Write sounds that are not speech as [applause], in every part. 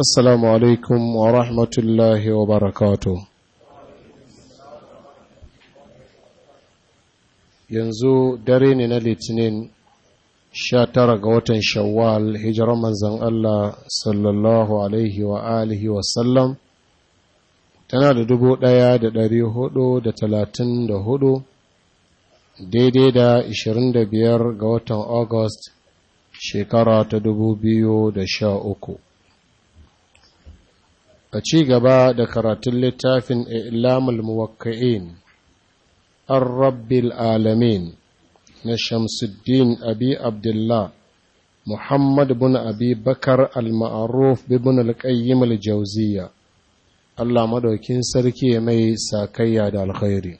Assalamu alaikum wa rahmatullahi wa barakatu. Yanzu dare ne na litinin sha tara ga watan shawwal hijiran manzan Allah sallallahu tana da dubu ɗaya da ɗari hudu da talatin da hudu daidai da ishirin da biyar ga watan August shekara ta dubu biyu da sha uku. a ci gaba da karatun littafin ilamul muwakka'in an rabbil alamin na shamsuddin abi abdullah muhammad bin abi bakar al-ma'aruf bin al al-jawziya allah madaukin sarki mai sakayya da alkhairi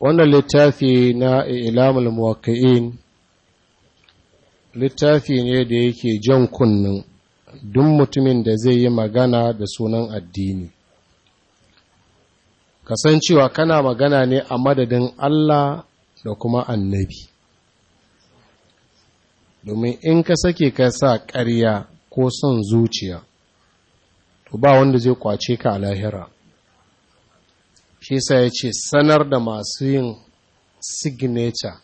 wannan littafi na ilamul muwakka'in littafi ne da yake jan kunnen duk mutumin da zai yi magana da sunan addini kasancewa kana magana ne a madadin Allah da kuma annabi domin in ka sake ka sa ƙarya ko son zuciya to ba wanda zai kwace ka a lahira shi sa ya ce sanar da masu yin signature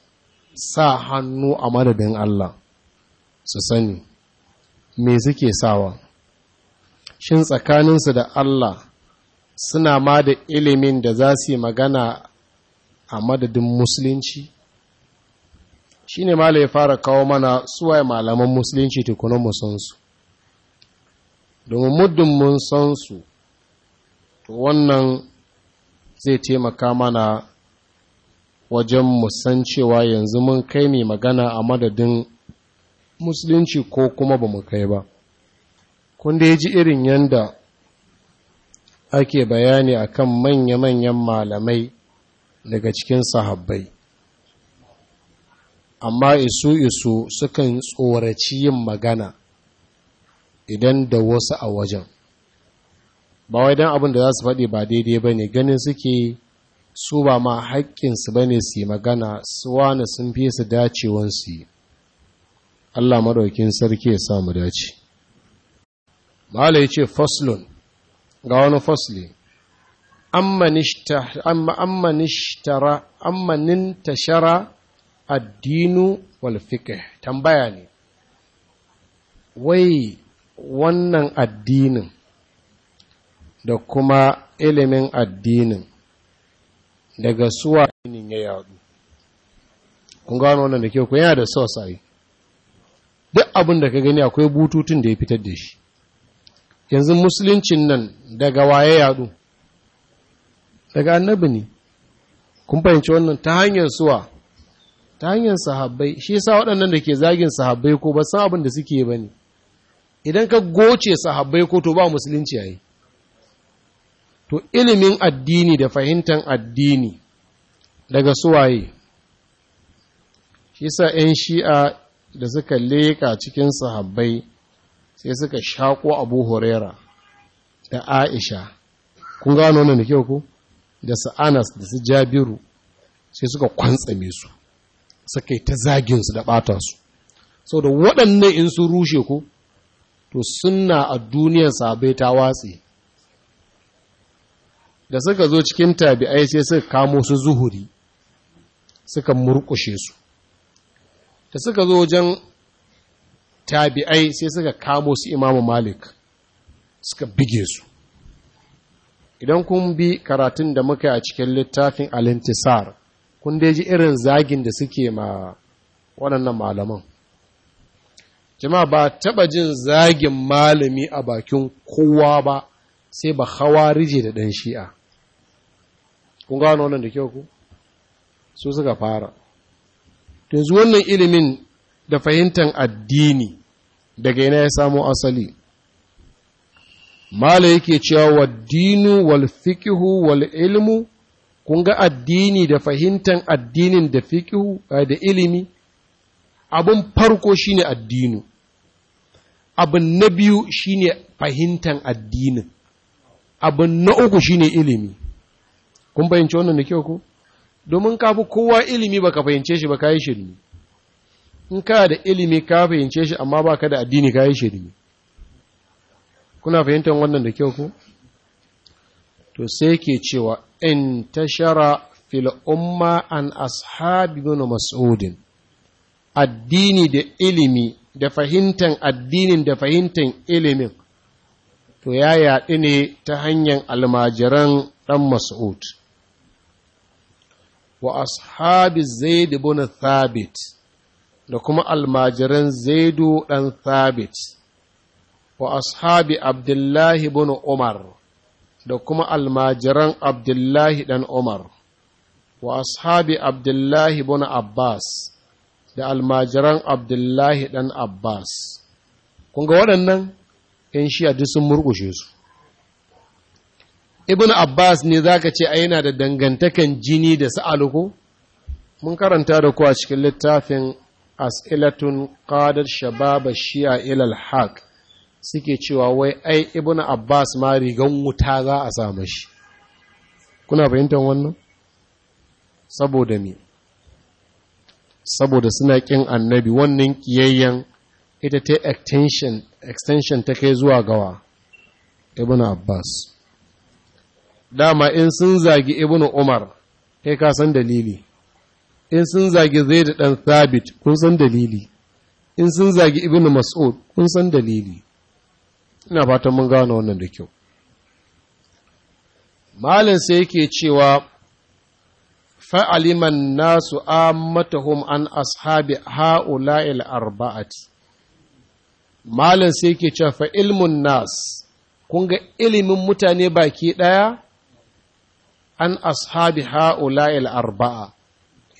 sa hannu a madadin Allah su sani me suke sawa shin tsakaninsu da Allah suna ma da ilimin da za su yi magana a madadin musulunci shi ne ma ya fara kawo mana suwaye malaman musulunci tukunan musansu domin muddin musansu to wannan zai taimaka mana wajen musan cewa yanzu mun kai mai magana a madadin musulunci ko kuma ba mu kai ba Kunda ya ji irin yanda ake bayani akan manya-manyan malamai daga cikin sahabbai amma isu isu sukan tsoraci yin magana idan da wasu a wajen ba wai don abin da za su faɗi ba daidai ba ne ganin suke su ba ma haƙƙinsu ba ne su yi magana su wane sun fi su dacewansu yi Allah maɗaukin sarki ya samu dace mala ya ce faslun ga wani fasli ammanin tashara addinu walfiƙe tambaya ne wai wannan addinin da kuma ilimin addinin daga suwa addinin ya yaɗu? kun gano wannan da ke ku yana da sosai duk abin da ka gani akwai bututun da ya fitar da shi yanzu musuluncin nan daga waye yadu daga annabi ne kun fahimci wannan ta hanyar suwa ta hanyar sahabbai shi yasa waɗannan da ke zagin sahabbai ko ba san abin da suke ba ne idan ka goce sahabbai ko to ba musulunci yi. to ilimin addini da fahimtar addini daga suwaye shi sa 'yan shi'a da suka leƙa cikin sahabbai sai suka shaƙo abu horera da aisha kun gano nan da kyau ku da su anas da su jabiru sai suka kwantsame su suka yi ta zaginsu da ɓata su sau da waɗannan in sun rushe ku to suna a duniyar sabai ta watsi da suka zo cikin tabi'ai sai suka kamo su zuhuri suka murƙushe su da suka zo wajen tabi'ai sai suka kamo su imamu malik suka bige su idan kun bi karatun da muka a cikin littafin alintisar kun dai ji irin zagin da suke ma waɗannan malaman jama'a ba taɓa jin zagin malami a bakin kowa ba sai ba hawa rije da ɗan shi'a kun gano wannan da kyau ku su suka fara to yanzu wannan ilimin da fahimtar addini daga ina ya samo asali mala yake cewa wa dinu wal fiqhu wal ilmu kun ga addini da fahimtar addinin da fiqhu eh, da ilimi abun farko shine addinu abin na biyu shine fahimtar addinin abin na uku shine ilimi kun bayyance wannan da kyau ko domin ka fi kowa ilimi baka fahimce shi ba ka yi shirmi in ka da ilimi ka fahimce shi amma ba ka da addini ka yi shirmi kuna fahimtar wannan da kyau ko to sai ke cewa in tashara fil umma an ashabi bin mas'udin addini da ilimi da fahimtar addinin da fahimtar ilimin to ya yaɗu ne ta hanyar almajiran ɗan mas'ud wa ashabi zaid ibn thabit da kuma almajiran zaidu dan thabit wa ashabi abdullahi ibn umar da kuma almajiran abdullahi dan umar wa ashabi abdullahi ibn abbas da almajiran abdullahi dan abbas kun ga waɗannan 'yan shi'a a sun murƙushe su ibn abbas ne za ka ce a yana da dangantakan jini da sa'aluku mun karanta da ku a cikin littafin as'ilatun ƙadar shababa shi'a ilal haq suke cewa wai ai ibn abbas ma rigan wuta za a samu shi kuna fahimtar wannan saboda me saboda suna kin annabi wannan kiyayyen ita ta extension ta kai zuwa gawa ibn abbas dama in sun zagi ibnu umar kai ka san dalili in sun zagi zaid dan thabit kun san dalili in sun zagi ibnu mas'ud kun san dalili ina fatan mun gano wannan da kyau malin sai yake cewa fa'aliman nasu ammatahum an ashabi ha'ula'il arba'ati malin sai yake cewa fa ilmun nas kun ga ilimin mutane baki ɗaya an ashabi ha'ula'il arba'a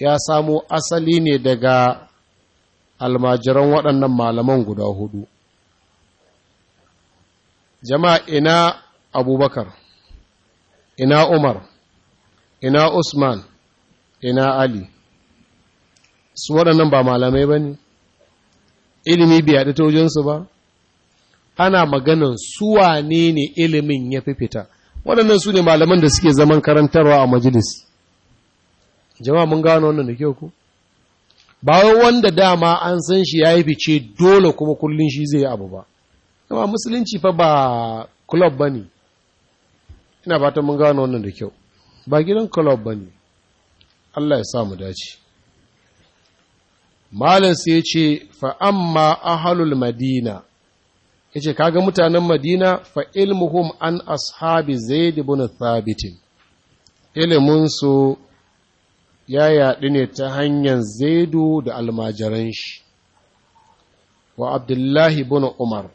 ya samo asali ne daga almajiran waɗannan malaman guda hudu jama'a ina abubakar ina umar ina usman ina ali su waɗannan ba malamai ba ne ilimi bai haɗu ta wajensu ba ana maganin suwa ne ne ilimin ya fi fita waɗannan su ne malaman da suke zaman karantarwa a majalis jama'a mun gano wannan da kyau ku ba wanda dama an san shi ya yi fice dole kuma kullum shi zai yi abu ba jama'a musulunci fa ba club ba ne ina fatan mun gano wannan da kyau ba gidan club ba ne allah ya sa mu dace malam sai ya ce fa'amma ahalul madina yace kaga mutanen Madina fa ilmuhum an ashabi Zaid ibn Thabit ilimin su ya yaɗu ne ta hanyar Zaidu da almajiran shi wa Abdullahi ibn Umar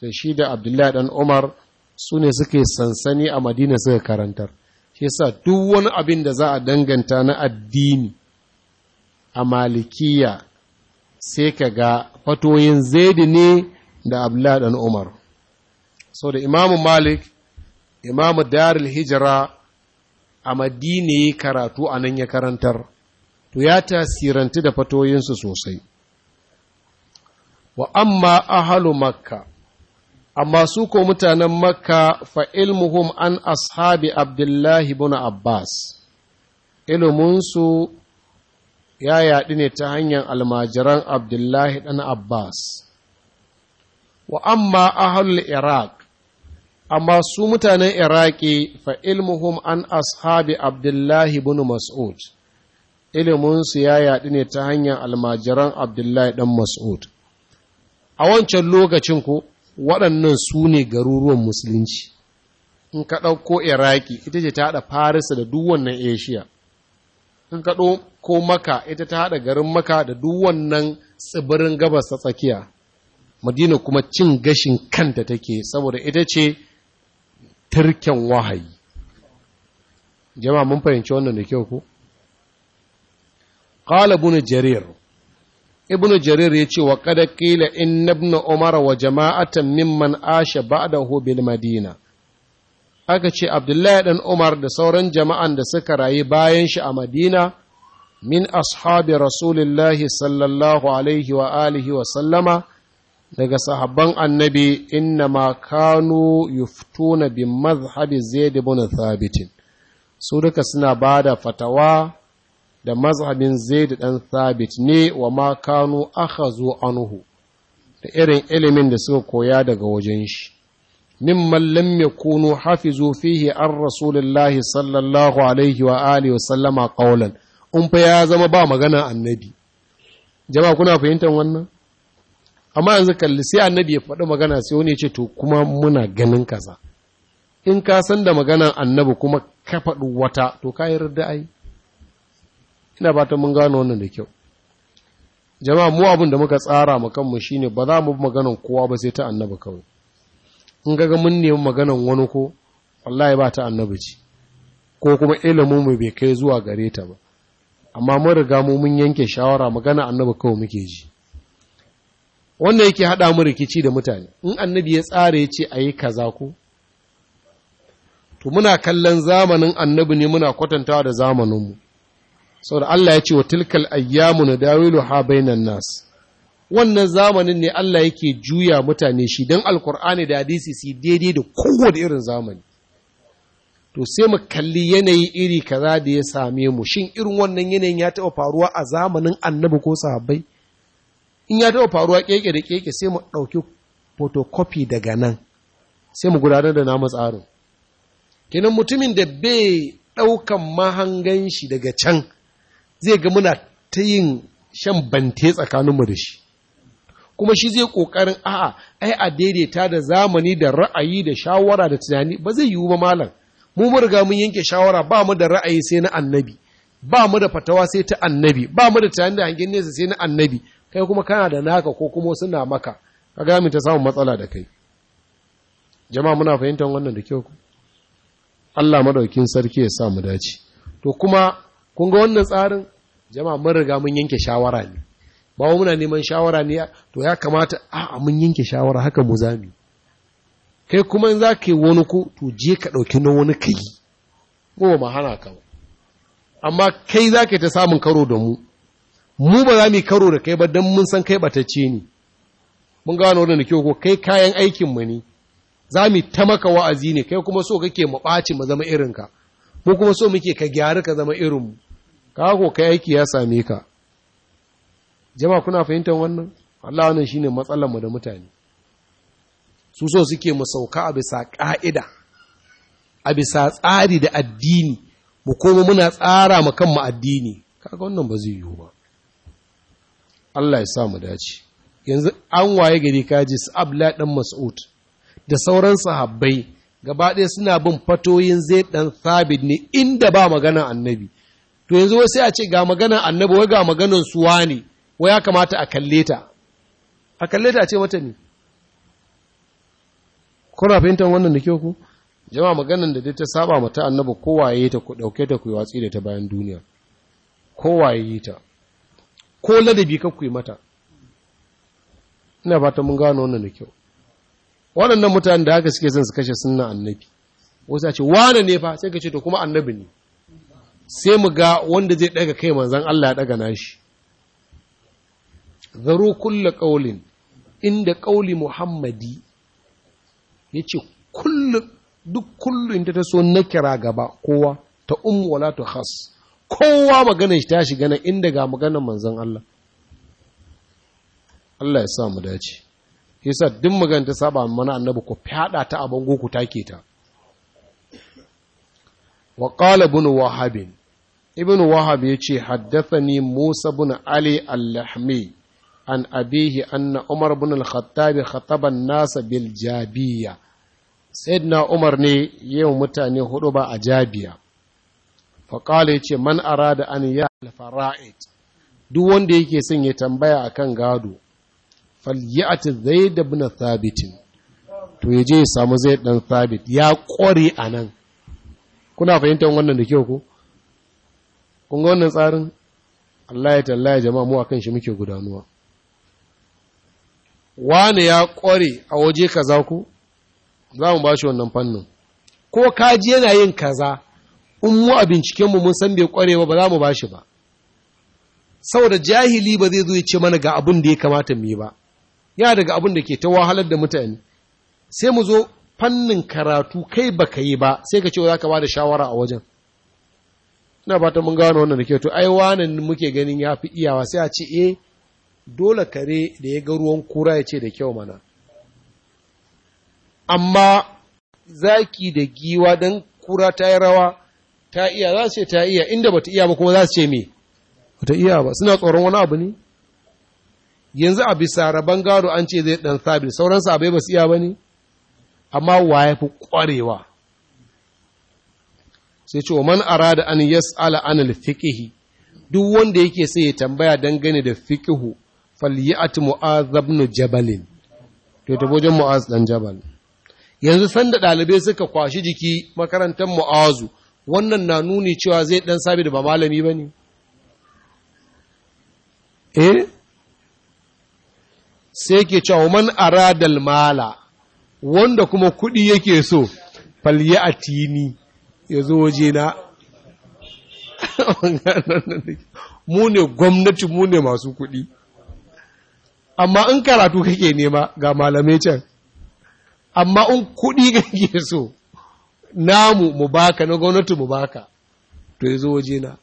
sai shi da Abdullahi dan Umar su ne suke sansani a Madina suka karantar shi yasa duk wani abin da za a danganta na addini a malikiya sai ka ga fatoyin zaidi ne da abdullahi dan umar so da imamu malik imamu daril hijira a madina yi karatu a nan ya karantar to ya tasiranti da fatoyinsu sosai wa amma ahalu makka amma su ko mutanen makka fa ilmuhum an ashabi abdullahi ibn abbas iliminsu ya yaɗu ne ta hanyar almajiran abdullahi ɗan abbas wa amma ahlul iraq amma su mutanen iraki fa ilmuhum an ashabi abdullahi bin mas'ud iliminsu ya yaɗu ne ta hanyar almajiran abdullahi Dan mas'ud a wancan lokacin ko waɗannan su ne garuruwan musulunci in ka ɗauko iraki ita ce ta haɗa farisa da duk wannan asia in ka ɗauko maka ita ta haɗa garin maka da duk wannan tsibirin gabas ta tsakiya madina kuma cin gashin kanta take saboda ita ce turken wahayi jama'a mun fahimci wannan da kyau ko qala ibn jarir ibn jarir yace wa qad qila inna ibn umar wa jama'atan mimman asha ba'dahu bil madina aka ce abdullahi dan umar da sauran jama'an da suka rayu bayan shi a madina min ashabi rasulillahi sallallahu alaihi wa alihi wa sallama daga sahabban annabi inna ma kanu yuftuna bi mazhabi zaid ibn thabit su duka suna bada fatawa da mazhabin zaid dan thabit ne wa ma kanu akhazu anhu da irin ilimin da suka koya daga wajen shi Min mallam lam yakunu hafizu fihi an rasulullahi sallallahu alaihi wa alihi wa sallama qawlan in ya zama ba magana annabi jama'a kuna fahimtar wannan amma yanzu kalli sai annabi ya faɗi magana sai wani ya ce to kuma muna ganin kaza in ka san da maganan annabi kuma ka faɗi wata to ka yi rida ai ina ta mun gano wannan da kyau jama'a mu abin da muka tsara ma kanmu shine ba za mu bi maganan kowa ba sai ta annabi kawai in ga mun nemi maganan wani ko wallahi ba ta annabi ci ko kuma ilimin mu bai kai zuwa gare ta ba amma mun riga mu mun yanke shawara magana annabi kawai muke ji wannan yake haɗa mu rikici da mutane in annabi ya tsara ya ce a yi kaza ko to muna kallon zamanin annabi ne muna kwatantawa da zamaninmu da Allah ya ce wa tilkal ayyamu na dawilu ha bainan nas wannan zamanin ne Allah yake juya mutane shi don alkur'ani da hadisi su daidai da kowane irin zamani to sai mu kalli yanayi iri kaza da ya same mu shin irin wannan yanayin ya taɓa faruwa a zamanin annabi ko sahabbai in ya taɓa faruwa keke da keke sai mu ɗauki photocopy daga nan sai mu gudanar da namu tsarin kenan mutumin da bai ɗaukan mahangan shi daga can zai ga muna ta yin shan bante tsakaninmu da shi kuma shi zai ƙoƙarin a'a ai a daidaita da zamani da ra'ayi da shawara da tunani ba zai yiwu ba malam mu mun riga mun yanke shawara ba mu da ra'ayi sai na annabi ba mu da fatawa sai ta annabi ba mu da tunani da hangen nesa sai na annabi kai kuma kana da naka ko kuma suna maka ka gami ta samun matsala da kai jama'a muna fahimtar wannan da kyau Allah madaukin sarki ya sa mu dace to kuma kun ga wannan tsarin jama'a mun riga mun yanke shawara ne ba muna neman shawara ne to ya kamata a mun yanke shawara haka mu zami kai kuma in za yi wani ku to je ka ɗauki na wani kai ko ma hana ka amma kai za ta samun karo da mu mu ba za mu karo da kai ba don mun san kai batacce ne mun gano wannan kyau ko kai kayan aikin mu ne za mu ta maka wa'azi ne kai kuma so kake mu ɓaci mu zama irin ka Ko kuma so muke ka gyara ka zama irin mu ka ko kai aiki ya same ka jama'a kuna fahimtar wannan Allah wannan shine matsalar mu da mutane su so suke mu sauka a bisa ƙa'ida a bisa tsari da addini mu koma muna tsara mu kanmu addini kaga wannan ba zai yiwu ba Allah ya sa mu dace yanzu an waye gari kaji su abla dan mas'ud da sauran sahabbai gaba ɗaya suna bin fatoyin zai dan thabit ne inda ba magana annabi to yanzu wai sai a ce ga magana annabi wai ga maganar suwa ne wai ya kamata a kalle ta a kalle ta ce mata ne kuna fahimtar wannan da kyau ku jama'a maganar da dai ta saba mata annabi kowaye ta ku dauke ta ku watsi da ta bayan duniya kowa yi ta ko ladabi ka ku mata ina fata ta mun gano wannan da kyau waɗannan mutanen da haka suke son su kashe sunna annabi wasu a ce wane ne fa sai ka ce to kuma annabi ne sai mu ga wanda zai daga kai manzon Allah ya daga nashi zaru kulla qaulin inda qauli muhammadi yace kullu duk kullu inda ta so na kira gaba kowa ta ummu wala ta khas kowa maganar shi ta shiga nan inda ga maganar manzon Allah Allah ya sa mu dace yasa duk maganar ta saba mana annabi ku fada ta a bango ku take ta wa qala ibn wahab ya ce, yace ni musa ibn ali al-lahmi an abihi anna umar ibn al-khattab khataba an-nas bil jabiyya sayyidina umar ne yayin mutane hudu ba a jabiya faƙala ya ce man arada an ya alfara'id duk wanda yake son ya tambaya akan gado falyati da ibn thabitin to ya je ya samu zai dan thabit ya ƙware a nan kuna fahimtar wannan da kyau ku? kun ga wannan tsarin Allah ya talla ya jama'a mu akan shi muke gudanuwa Wani ya ƙware a waje kaza ku za mu ba shi wannan fannin ko kaji yana yin kaza in mu a bincikenmu mun san bai kwarewa ba za mu ba shi ba saboda jahili ba zai zo ya ce mana ga abin da ya kamata mu yi ba ya daga abin da ke ta wahalar da mutane sai mu zo fannin karatu kai ba ka yi ba sai ka ce za ka ba da shawara a wajen ina fata mun gano wannan da ke to ai wanan muke ganin ya fi iyawa sai a ce e dole kare da ya ga ruwan kura ya ce da kyau mana amma zaki da giwa don kura ta yi rawa ta iya za su ce ta iya inda bata iya ba kuma za su ce me bata iya ba suna tsoron wani abu ne yanzu a bisa rabon gado an ce zai dan sabi sauran sabai ba su iya ba ne amma wa ya fi ƙwarewa sai ce man arada an yas'ala an al fiƙihi, duk wanda yake sai ya tambaya dangane da fiqhu falyat mu'az ibn jabal to ta bojan mu'az dan jabal yanzu sanda ɗalibai suka kwashi jiki makarantar mu'azu wannan na nuni cewa zai ɗan sabi da ba malami ba ne eh sai ke cewa man aradal mala wanda kuma kuɗi yake so falye a tini ya zo waje na [laughs] mu ne gwamnati mu ne masu kuɗi amma in karatu kake nema ga malamai can amma in kuɗi kake so namu mu baka na gwamnati mu baka to ya zo waje na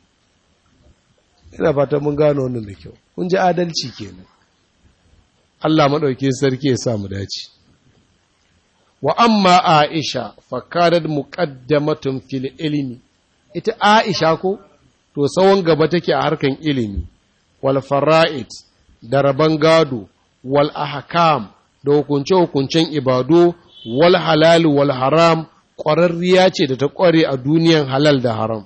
ina fata mun gano wannan da kyau kun ji adalci kenan Allah maɗauki sarki ya sa mu dace wa amma aisha fakarar muƙaddamatun fil ilimi ita aisha ko to tsawon gaba take a harkan ilimi wal fara'id da rabon gado wal ahkam da hukunce-hukuncen ibado, wal halal wal haram ƙwararriya ce da ta ƙware a duniyan halal da haram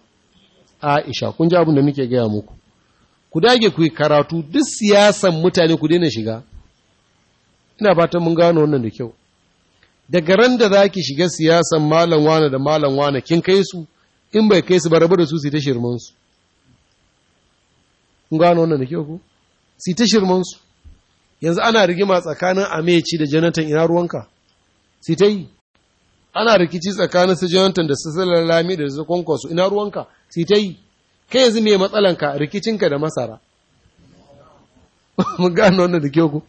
aisha kun ji abin da muke gaya muku ku dage ku yi karatu duk siyasan mutane ku daina shiga ina fatan mun gano wannan da kyau daga ran da za ki shiga siyasan malam wane da malam wane kin kai su in bai kai su ba da su su ta shirman su kun gano wannan da kyau ku su ta shirman su yanzu ana rigima tsakanin ameci da janatan ina ruwanka su ta yi ana rikici tsakanin su jonathan da su lami da su kwankwasu ina ruwanka su ta yi kai yanzu mai matsalanka rikicinka da masara [laughs] mun gano wannan da kyau ku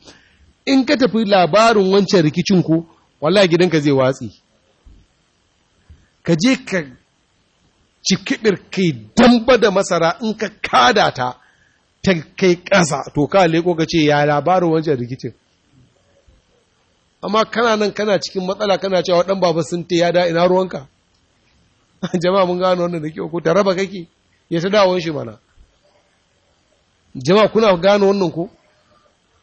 in ka tafi labarin wancan rikicin ku wallahi gidanka zai watsi ka je ka cikibir kai damba da masara in ka kada ta ta kai ƙasa to ka leko ka ce ya labarin wancan rikicin amma kana nan kana cikin matsala kana cewa dan baba sun te ya da ina ruwanka [laughs] jama'a mun gano wannan da ke ko ta raba kake ya ta dawon shi mana jama'a kuna gano wannan ko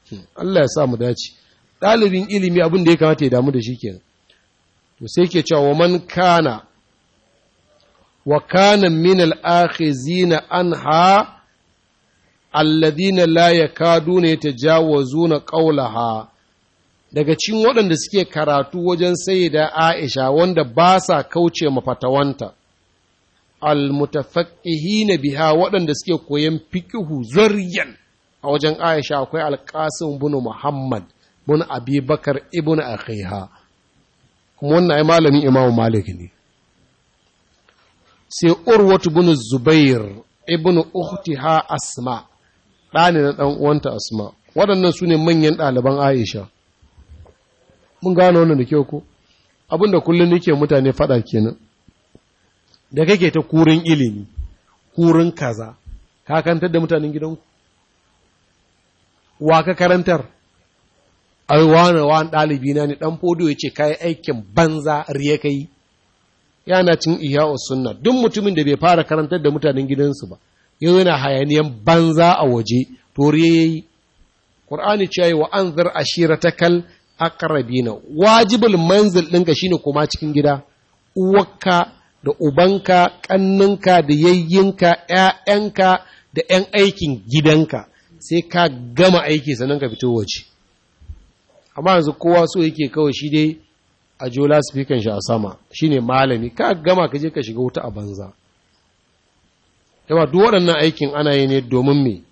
hmm, Allah ya sa mu dace Dalibin ilimi abin da ya kamata ya damu da shi kenan to sai ke cewa man kana wa kana min al-akhizina anha alladhina la yakaduna yatajawazuna qawlaha daga cin waɗanda suke karatu wajen da Aisha wanda ba sa kauce mafatawanta na biha waɗanda suke koyan fikihu zaryan a wajen Aisha akwai alƙasin bin Muhammad bin Abibakar, ibn Akhiha kuma wannan ai malamin Imam Malik ne sai Urwatu bin Zubair ibn ha Asma ɗani na ɗan uwanta Asma waɗannan su ne manyan ɗaliban Aisha mun gano wannan da kyau ko abin da kullum nake mutane faɗa kenan da kake ta kurin ilimi kurin kaza ka kantar da mutanen gidanku wa ka karantar ai wani wani dalibi na ne dan fodo yace ce aikin banza riya ka yana cin iya sunna duk mutumin da bai fara karantar da mutanen gidansu ba yau yana hayaniyan banza a waje to riye ya yi Qur'ani ce wa an ashiratakal ta kal aqrabina wajibul manzil ɗinka shine kuma cikin gida uwarka da ubanka ƙanninka da yayyinka ƴaƴanka da ƴan aikin gidanka sai ka gama aiki sannan ka fito waje amma yanzu kowa so yake kawai shi dai a jola speaker shi a sama shine malami ka gama ka je ka shiga wuta a banza yawa duk waɗannan aikin ana yi ne domin me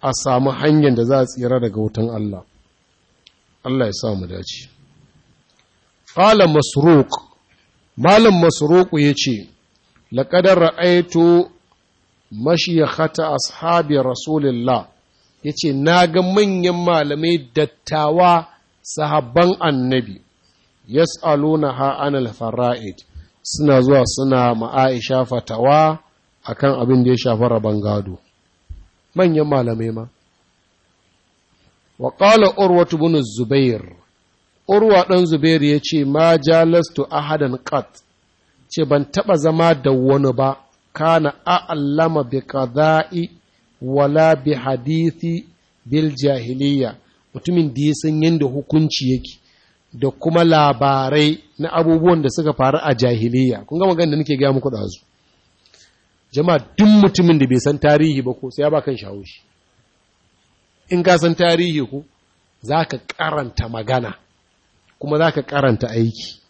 a samu hanyar da za a tsira daga wutan Allah Allah ya sa mu dace qala masruq malam masruq yace laqad ra'aytu mashiyakhata ashabi rasulillah yace na ga manyan malamai dattawa sahabban annabi ha anil fara'id suna zuwa suna ma Aisha fatawa akan abin da ya shafi rabon gado manyan malamai ma wa qala urwatu bin zubair urwa dan zubair ya ce ma jalastu ahadan qat ce ban taba zama da wani ba kana a'allama bi qada'i wala bi hadithi bil jahiliya mutumin da ya san yadda hukunci yake da kuma labarai na abubuwan da suka faru a jahiliya kun ga magana da nake gaya muku da jama'a duk mutumin da bai san tarihi ba ko sai ya ba kan shawo haushi. in ka san tarihi ku za ka karanta magana kuma za ka karanta aiki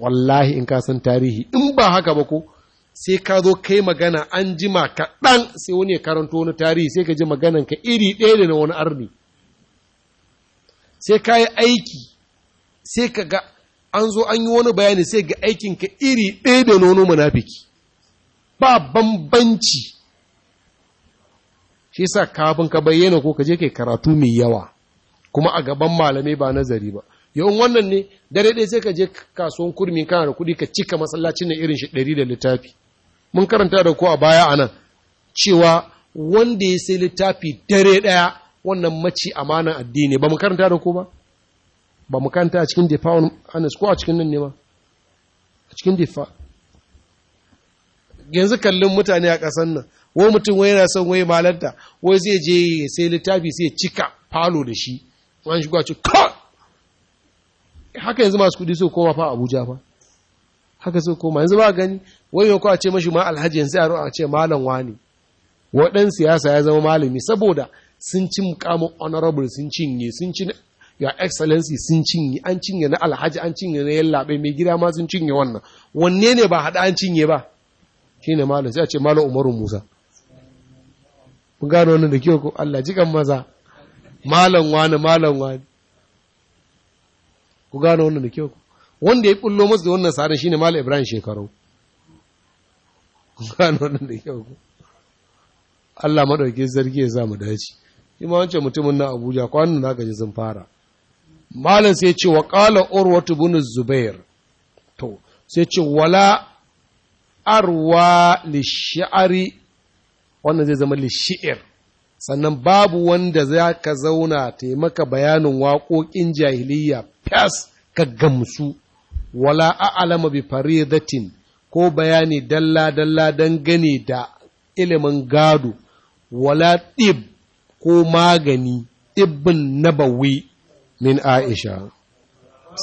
wallahi in ka san tarihi in ba haka ba ko sai ka zo kai magana an jima kaɗan sai wani ya karanto wani tarihi sai ka ji maganan ka iri ɗaya da na wani arni sai ka yi aiki sai ka ga an zo an yi wani bayani sai ga aikinka iri ɗaya da wani munafiki ba bambanci shi sa kafin ka bayyana ko ka je kai karatu mai yawa kuma a gaban malamai ba nazari ba yawan wannan ne dare ɗaya sai ka je kasuwan kurmi kana da kuɗi ka cika masallacin na irin shi ɗari da littafi mun karanta da ko a baya a nan cewa wanda ya sai littafi dare ɗaya wannan maci amanan addini ba mu karanta da ko ba ba mu karanta a cikin defa anas ko a cikin nan ne ma a cikin defa yanzu kallon mutane a ƙasar nan wai mutum wai yana son wai malanta wai zai je sai littafi sai cika falo da shi wani shigo ce kawai haka yanzu masu kudi su koma fa abuja fa haka su koma yanzu ba gani wai yau a ce mashi ma alhaji yanzu a a ce malam wani waɗan siyasa ya zama malami saboda sun ci mukamin honorable sun cinye sun ci ya excellency sun cinye an cinye na alhaji an cinye na yallaɓe mai gida ma sun cinye wannan wanne ne ba haɗa an cinye ba shine malam sai a ce malam umaru musa mun gano wannan da kyau ko Allah jikan maza malam wani malam wani ku gano wannan da kyau ko wanda ya kullo masa da wannan sadan shine malam Ibrahim shekaru ku gano wannan da kyau ko Allah madauke zargi ya za mu dace ima wancan mutumin na Abuja kwanan zaka ji sun fara malam sai ya ce wa qala urwatu bin zubair to sai ce wala arwa li shi'ari wannan zai zama lishi'ir sannan babu wanda za ka zauna taimaka bayanin waƙoƙin jahiliya fas ka gamsu wala a'lama bi faridatin ko bayani dalla dalla gani da ilimin gado wala ɗib ko magani ɗibbin nabawi min aisha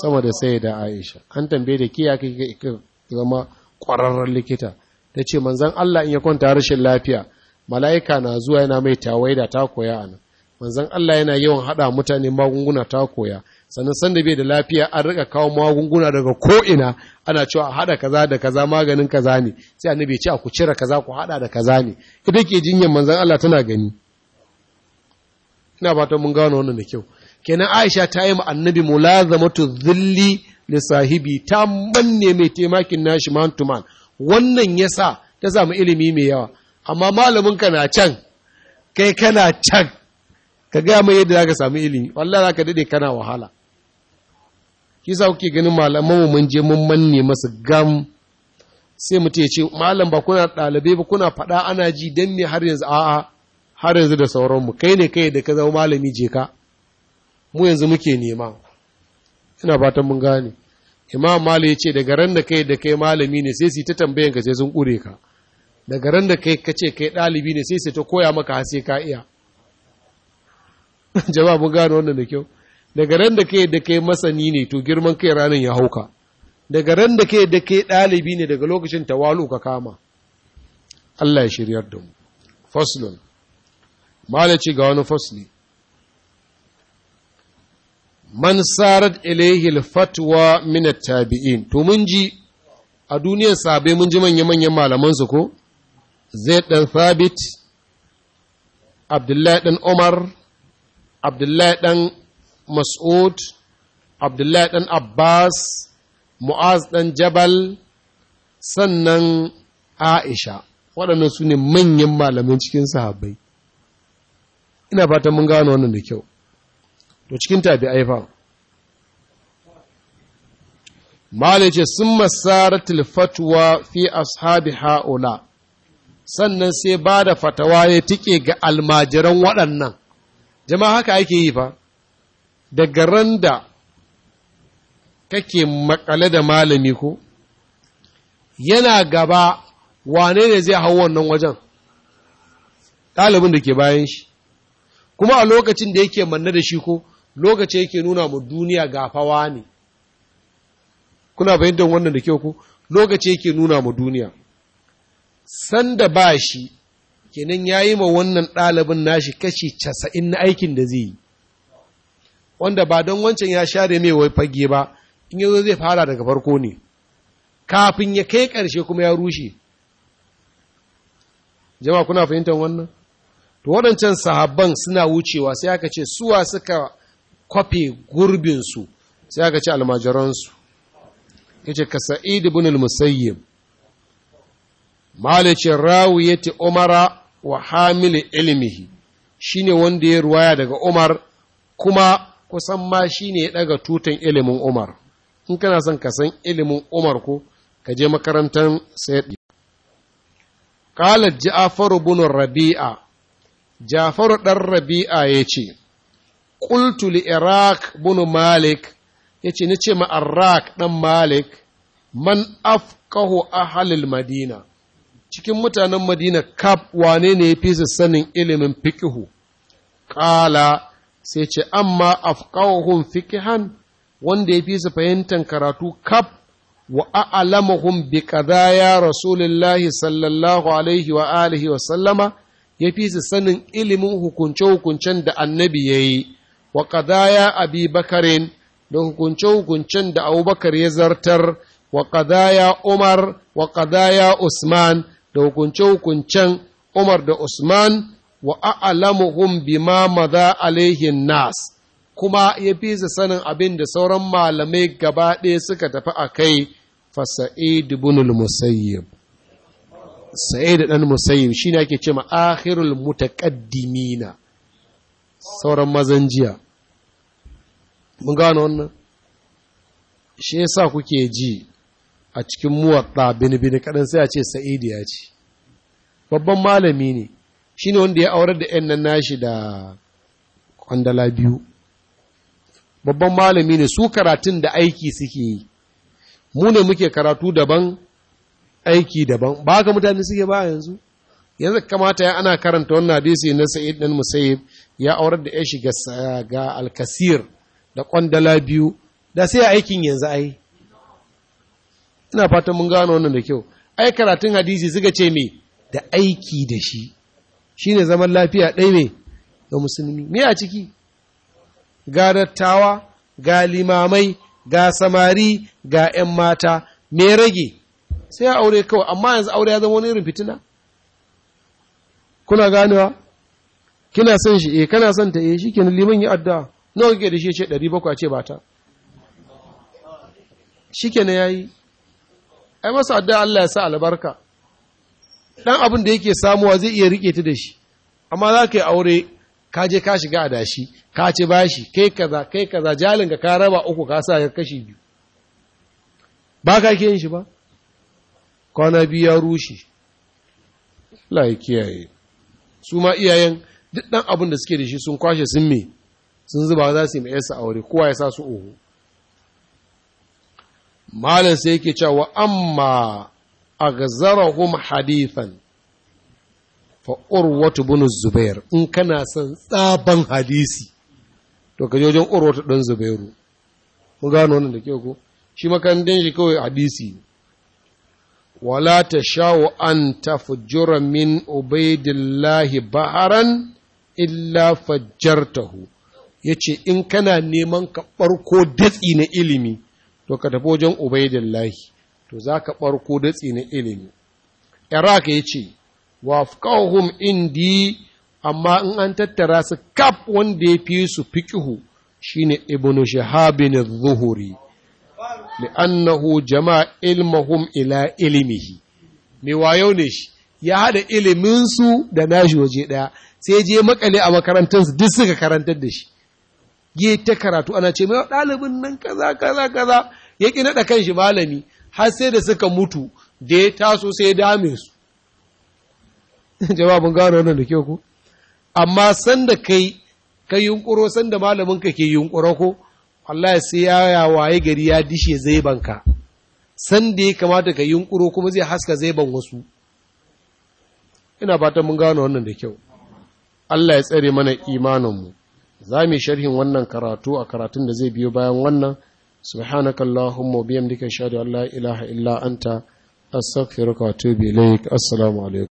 sama da sai da aisha an tambaye da kiya kika zama ƙwararren likita ta ce manzan Allah in ya kwanta rashin lafiya mala'ika na zuwa yana mai tawaida ta koya a nan manzan Allah yana yawan haɗa mutane magunguna ta koya sannan sanda bai da lafiya an rika kawo magunguna daga ko'ina ana cewa a haɗa kaza da kaza maganin kaza ne sai annabi ce a ku cire kaza ku haɗa da kaza ne ita ke jinyar manzan Allah tana gani ina fatan mun gano wannan da kyau kenan Aisha ta yi ma annabi mulazamatu dhilli li sahibi ta manne mai taimakin nashi man to man wannan yasa ta samu ilimi mai yawa amma malaminka na can kai kana can ka gaya mai yadda za ka sami ilimi wallah za ka daɗe kana wahala ki sa kuke ganin malaman mun je mun manne masu gam sai mutum ya ce malam ba kuna ɗalibai ba kuna faɗa ana ji don ne har yanzu a'a har yanzu da sauranmu kai ne kai da ka zama malami je ka mu yanzu muke nema ina fatan mun gane imam malam ya ce daga ran da kai da kai malami ne sai su ta tambayan ka sai sun ƙure ka daga ran da kai ka kai ɗalibi ne sai sai ta koya maka har sai ka iya [laughs] jama'a mun gano wannan da kyau daga ran da kai da kai masani ne to girman kai ranar ya hauka daga ran da kai da kai ɗalibi ne daga lokacin tawalu ka kama Allah ya shiryar da mu faslun malaci ga wani fasli man sarat ilaihi fatwa min tabi'in to mun ji a duniyar sabai mun ji manya-manyan malamansu ko zaid ɗan thabit abdullahi ɗan umar abdullahi ɗan mas'ud abdullahi ɗan abbas mu'az ɗan jabal sannan aisha waɗannan su manyan malamin cikin sahabbai ina fatan mun gano wannan da kyau to cikin tabi'ai fa malai ce sun masaratul fatwa fi ashabi ha'ula sannan sai ba da fatawa ya tike ga almajiran waɗannan jama'a haka ake yi fa daga ran da kake makale da malami ko yana gaba wane ne zai hau wannan wajen ɗalibin da ke bayan shi kuma a lokacin da yake manna da shi ko lokacin yake nuna mu duniya gafawa ne kuna fahimtar wannan da kyau ko lokaci yake nuna mu duniya sanda ba shi kenan ya yi ma wannan ɗalibin nashi kashi casa'in na aikin da zai yi wanda ba don wancan ya share mai wai fage ba in yanzu zai fara daga farko ne kafin ya kai ƙarshe kuma ya rushe jama'a kuna fahimtar wannan to waɗancan sahabban suna wucewa sai aka ce suwa suka kwafe gurbinsu sai aka ce almajiransu ya ce ka sa'id ibn al-musayyib malicin rawiyati umara wa hamili ilmihi shine wanda ya ruwaya daga umar kuma kusan ma shine ya ɗaga tutan ilimin umar in kana son ka san ilimin umar ko ka je makarantar sayyid Khalid ja'far ibn rabi'a ja'far ɗan rabi'a yace qultu li iraq ibn malik yace nace ma iraq ɗan malik man afkahu ahlil madina cikin mutanen madina kaf wane ne ya fi sanin ilimin fikihu ƙala sai ce amma afqahuhum fikihan wanda ya fi su fahimtar karatu kaf wa a'lamuhum bi qadaya rasulillahi sallallahu alaihi wa alihi wa sallama ya fi su sanin ilimin hukunce-hukuncen da annabi ya yi wa qadaya abi bakarin da hukunce-hukuncen da abubakar ya zartar wa qadaya umar wa qadaya usman da hukunce-hukuncen Umar da Usman wa a'lamuhum bima maza alaihin nas kuma ya fi sanin abin da sauran malamai gaba ɗaya suka tafi a kai fa sa'id musayyib. Sa'i da ɗan musayyib shi ne ake cewa ahirul mutaƙaddimina sauran mazan jiya mun gano wannan shi yasa kuke ji a cikin muwatta bini-bini kaɗan sai a ce sa'idi ya ce babban malami ne shi ne wanda ya aurar da 'yan nan nashi da kwandala biyu babban malami ne su karatun da aiki suke yi mu ne muke karatu daban aiki daban ba haka mutane suke ba yanzu yanzu kamata ya ana karanta wannan hadisi na sa'id dan musayib ya aurar da ya shiga ga alkasir da kwandala biyu da sai aikin yanzu ai ina fatan mun gano wannan da kyau ai karatun hadisi suka ce me da aiki da shi shine zaman lafiya ɗai ne ga musulmi me a ciki ga dattawa ga limamai ga samari ga 'yan mata me rage sai aure kawai amma yanzu aure ya zama wani irin fitina kuna ganewa kina son shi eh kana son ta eh shikenan liman yi addu'a nawa kike da shi ce 700 a ce bata? shikenan yayi ai masa addu'a Allah ya sa albarka dan abin da yake samuwa zai iya rike ta da shi amma za ka yi aure ka je ka shiga adashi ka ci bashi kai kaza kai kaza jalin ka ka raba uku ka sa ya kashi biyu ba ka ke yin shi ba kwana biyu ya rushe Allah ya kiyaye su ma iyayen duk dan abin da suke da shi sun kwashe sun me sun zuba za su yi ma yarsa aure kowa ya sa su ohu? malam sai yake cewa amma aghzarahum hadithan fa urwatu bin zubair in kana son tsaban hadisi to ka je wajen urwatu dan zubairu mun gano wannan da kyau ko shi din shi kawai hadisi wala ta an tafjura min ubaidillahi baharan illa fajjartahu yace in kana neman ka barko datsi na ilimi to ka tafi wajen ubaidillahi to za ka ɓarko datsi na ilimi iraq ya ce wa fuqahum indi amma in an tattara su kaf wanda ya fi su fiqhu shine ibnu shahabin az-zuhri li'annahu jama'a ilmahum ila ilimihi me wayo ne shi ya haɗa iliminsu da nashi waje ɗaya? sai je makale a makarantarsu duk suka karantar da shi ya ta karatu ana ce mai ɗalibin nan kaza kaza kaza ya ƙi naɗa kan shi malami har sai da suka mutu da ya taso sai ya dame su [laughs] jawabin gano wannan da kyau ku. amma sanda kai ka yunƙuro sanda malamin ka ke yunƙuro ko Allah sai ya waye gari ya dishe zaibanka sanda ya kamata ka yunƙuro kuma zai haska ban wasu ina fatan mun gano wannan da kyau Allah ya tsare mana imaninmu za mu sharhin wannan karatu a karatun da zai biyo bayan wannan subhanaka allahumma biyamdika shahadu an la ilaha illa anta astaghfiruka wa atubu ilaik assalamu alaikum